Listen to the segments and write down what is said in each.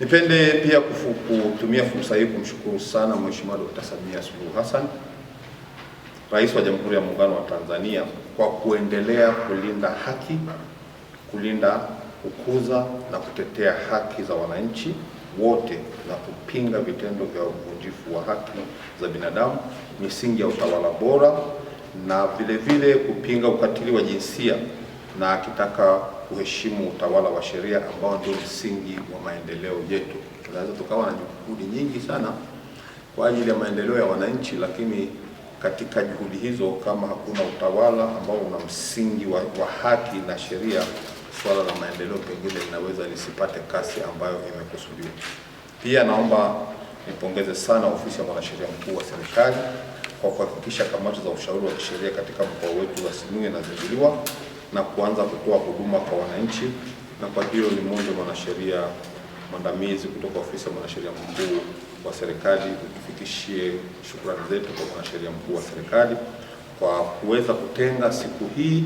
Nipende pia kutumia fursa hii kumshukuru sana Mheshimiwa Dkt. Samia Suluhu Hassan, Rais wa Jamhuri ya Muungano wa Tanzania kwa kuendelea kulinda haki, kulinda, kukuza na kutetea haki za wananchi wote na kupinga vitendo vya uvunjifu wa haki za binadamu, misingi ya utawala bora na vile vile kupinga ukatili wa jinsia na akitaka kuheshimu utawala wa sheria ambao ndio msingi wa maendeleo yetu. Tunaweza tukawa na juhudi nyingi sana kwa ajili ya maendeleo ya wananchi, lakini katika juhudi hizo kama hakuna utawala ambao una msingi wa, wa haki na sheria, swala la maendeleo pengine linaweza lisipate kasi ambayo imekusudiwa. Pia naomba nipongeze sana ofisi ya mwanasheria mkuu wa serikali kwa kuhakikisha kamati za ushauri wa kisheria katika mkoa wetu wa Simiyu zinazinduliwa na kuanza kutoa huduma kwa wananchi, na kwa hiyo ni mmoja mwanasheria mwandamizi kutoka ofisi ya mwanasheria mkuu wa serikali, utufikishie shukrani zetu kwa mwanasheria mkuu wa serikali kwa kuweza kutenga siku hii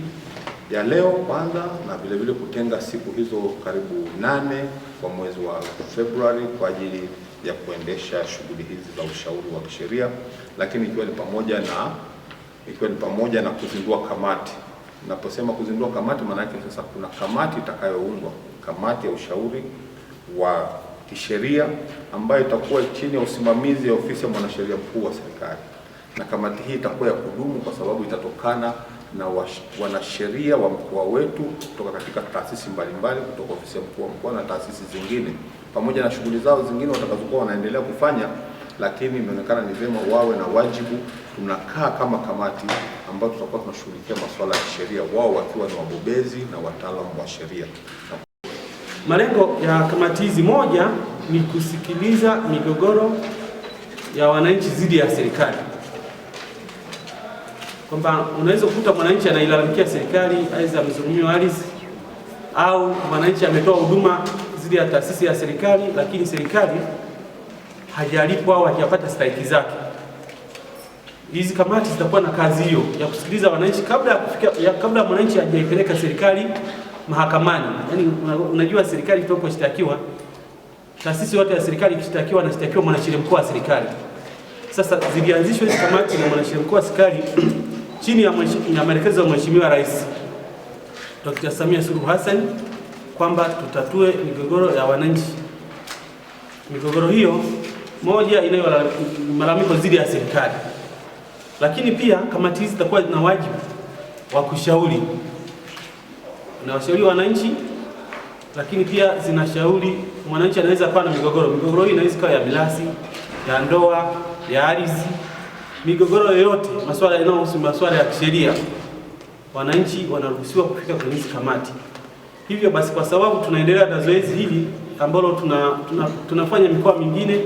ya leo kwanza, na vile vile kutenga siku hizo karibu nane kwa mwezi wa Februari kwa ajili ya kuendesha shughuli hizi za ushauri wa kisheria, lakini ikiwa ni pamoja na ikiwa ni pamoja na kuzindua kamati Naposema kuzindua kamati, maana yake sasa kuna kamati itakayoundwa, kamati ya ushauri wa kisheria ambayo itakuwa chini ya usimamizi ya ofisi ya mwanasheria mkuu wa serikali, na kamati hii itakuwa ya kudumu kwa sababu itatokana na wanasheria wa mkoa wetu kutoka katika taasisi mbalimbali kutoka ofisi ya mkuu wa mkoa na taasisi zingine, pamoja na shughuli zao zingine watakazokuwa wanaendelea kufanya lakini imeonekana ni vyema wawe na wajibu. Tunakaa kama kamati ambayo tutakuwa tunashughulikia masuala ya sheria, wao wakiwa ni wabobezi na wataalamu wa sheria. Malengo ya kamati hizi, moja ni kusikiliza migogoro ya wananchi dhidi ya serikali, kwamba unaweza kukuta mwananchi anailalamikia serikali, aidha mzulumiwa ardhi au mwananchi ametoa huduma dhidi ya taasisi ya serikali, lakini serikali hajalipwa au hajapata stahiki zake. Hizi kamati zitakuwa na kazi hiyo ya kusikiliza wananchi kabla ya kufika, ya kabla mwananchi hajaipeleka serikali mahakamani. Yaani unajua serikali tunaposhtakiwa, taasisi yote ya serikali ikishtakiwa, anashtakiwa mwanasheria mkuu wa serikali. Sasa zilianzishwa hizi kamati na mwanasheria mkuu wa serikali chini ya maelekezo ya Mheshimiwa Rais Dr. Samia Suluhu Hassan kwamba tutatue migogoro ya wananchi. Migogoro hiyo moja inayo malalamiko dhidi ya serikali, lakini pia kamati hizi zitakuwa zina wajibu wa kushauri na washauri wananchi, lakini pia zinashauri mwananchi, anaweza kuwa na migogoro. Migogoro hii inaweza kuwa ya bilasi, ya ndoa, ya ardhi, migogoro yoyote, masuala yanayohusu masuala ya kisheria, wananchi wanaruhusiwa kufika kwenye hizi kamati. Hivyo basi, kwa sababu tunaendelea na zoezi hili ambalo tuna, tuna, tunafanya mikoa mingine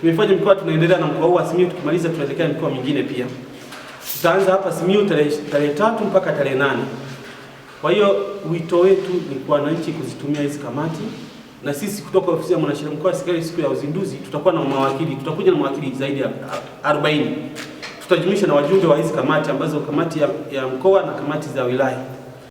Tumefanya mkoa, tunaendelea na mkoa huu wa Simiyu. Tukimaliza tunaelekea mikoa mingine pia. Tutaanza hapa Simiyu tarehe tatu mpaka tarehe nane. Kwa hiyo wito wetu ni kwa wananchi kuzitumia hizi kamati, na sisi kutoka ofisi ya mwanasheria mkuu wa serikali, siku ya uzinduzi tutakuwa na mawakili, tutakuja na mawakili zaidi ya 40 tutajumuisha na wajumbe wa hizi kamati ambazo kamati ya, ya mkoa na kamati za wilaya